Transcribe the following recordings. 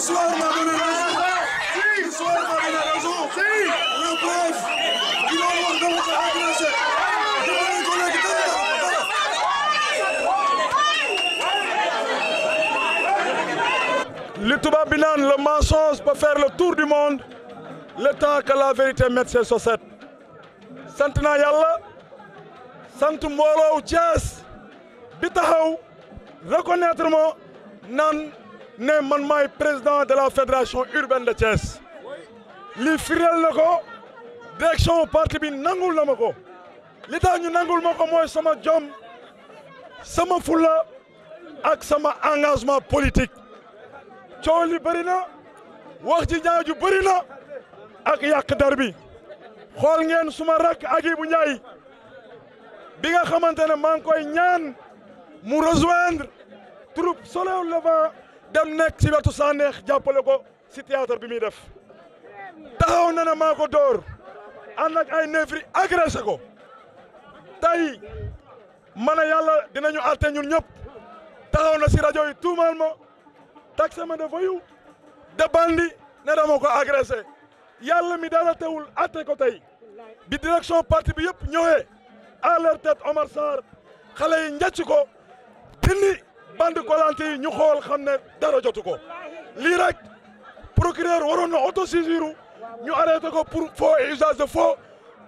L'histoire m'a donné raison. L'histoire m'a donné raison. Le bref, il va avoir de votre agressé. Je vais les connecter. li tubaab bi naan le mensonge peut faire le tour du monde le temps que la vérité mette ses chaussettes sant naa yàlla sant mbooloo Thiès bi taxaw reconnaître ma naan ne man maay président de la fédération urbaine de Thiès li firel na ko direction parti bi nangul na ma ko li tax ñu nangul ma ko mooy sama jom sama fulla ak sama engagement politique coow li bari na wax ji ñaaju bëri na ak yàq der bi xool ngeen suma rakk bu Ndiaye bi nga xamante ne maa ngi koy ñaan mu rejoindre troupe Soleil Levant dem nekk ci wetu Sanekh jàppale ko ci théâtre bi muy def taxaw na ne maa ko dóor ànd ak ay neefri agressé ko tey ma yàlla dinañu àtte ñun ñëpp taxaw na ci rajo yi tuumaal ma taxé ma de voyou de bandi ne dama ko agressé yàlla mi dara teewul àtte ko tey bi direction parti bi yëpp ñëwee à leur tête Omar Sarr xale yi njëcc ko dindi bande collante ñu xool xam ne dara jotu ko lii rek procureur waroon na autosaisir ñu arrêté ko pour faux et usage de faux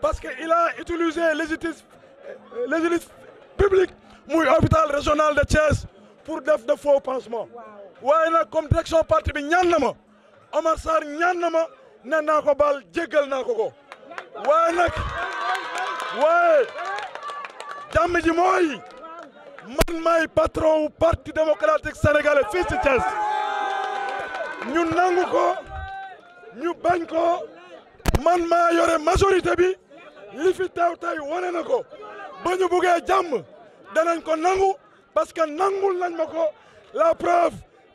parce que il a utilisé l'édifice euh, l'édifice public muy hôpital régional de Thiès pour def de faux pansement waaye nag comme direction parti bi ñaan na ma Omar Sarr ñaan na ma ne naa ko baal jéggal naa ko ko waaye nag waaye jàmm mooy man maay patron wu parti démocratique sénégalais fii ci Thiès ñu nangu ko ñu bañ ko man maa yore majorité bi li fi teew tey wane na ko ba ñu buggee jàmm danañ ko nangu parce que nangul nañ ma ko la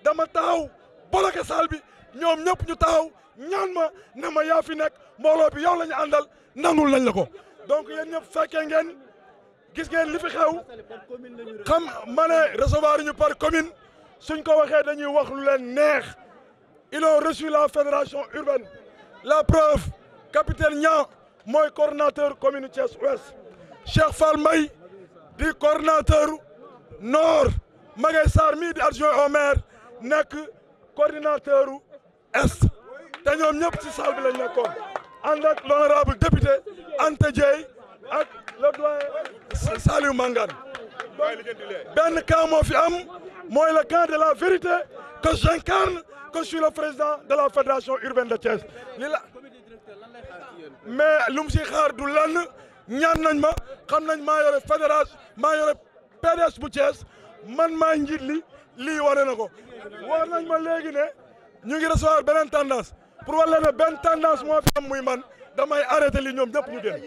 dama taxaw bloqué salle ñoom ñëpp ñu taxaw ñaan ma ne ma yaa fi nekk mbooloo bi yow la ñu àndal nangul nañ la ko donc yéen ñëpp fekkee ngeen. gis ngeen li fi xew xam ma ne recevoir ñu par commune suñ ko waxee dañuy wax lu leen neex ils ont la fédération urbaine la preuve capitaine Niang mooy coordonnateur commune Thiès Ouest Cheikh Fall Mbaye di coordonnateur nord Magay Sarr mii di adjoint au maire nekk coordinateur est te ñoom ñëpp ci salle bi lañ nekkoon ànd ak l'honorable député Anta Dieye ak le Saliou Mangane benn camp moo fi am mooy le camp de la vérité que j'incarne que je suis le président de la fédération urbaine de Thiès li la mais lu mu si xaar du lenn ñaan nañ ma xam nañ maa yore fédération maa yore PDS bu Thiès man maa njiit li lii wane na ko war nañ ma léegi ne ñu ngi recevoir beneen tendance pour wala ne benn tendance moo fi am muy man damay arrêté lii ñoom ñëpp ñu génn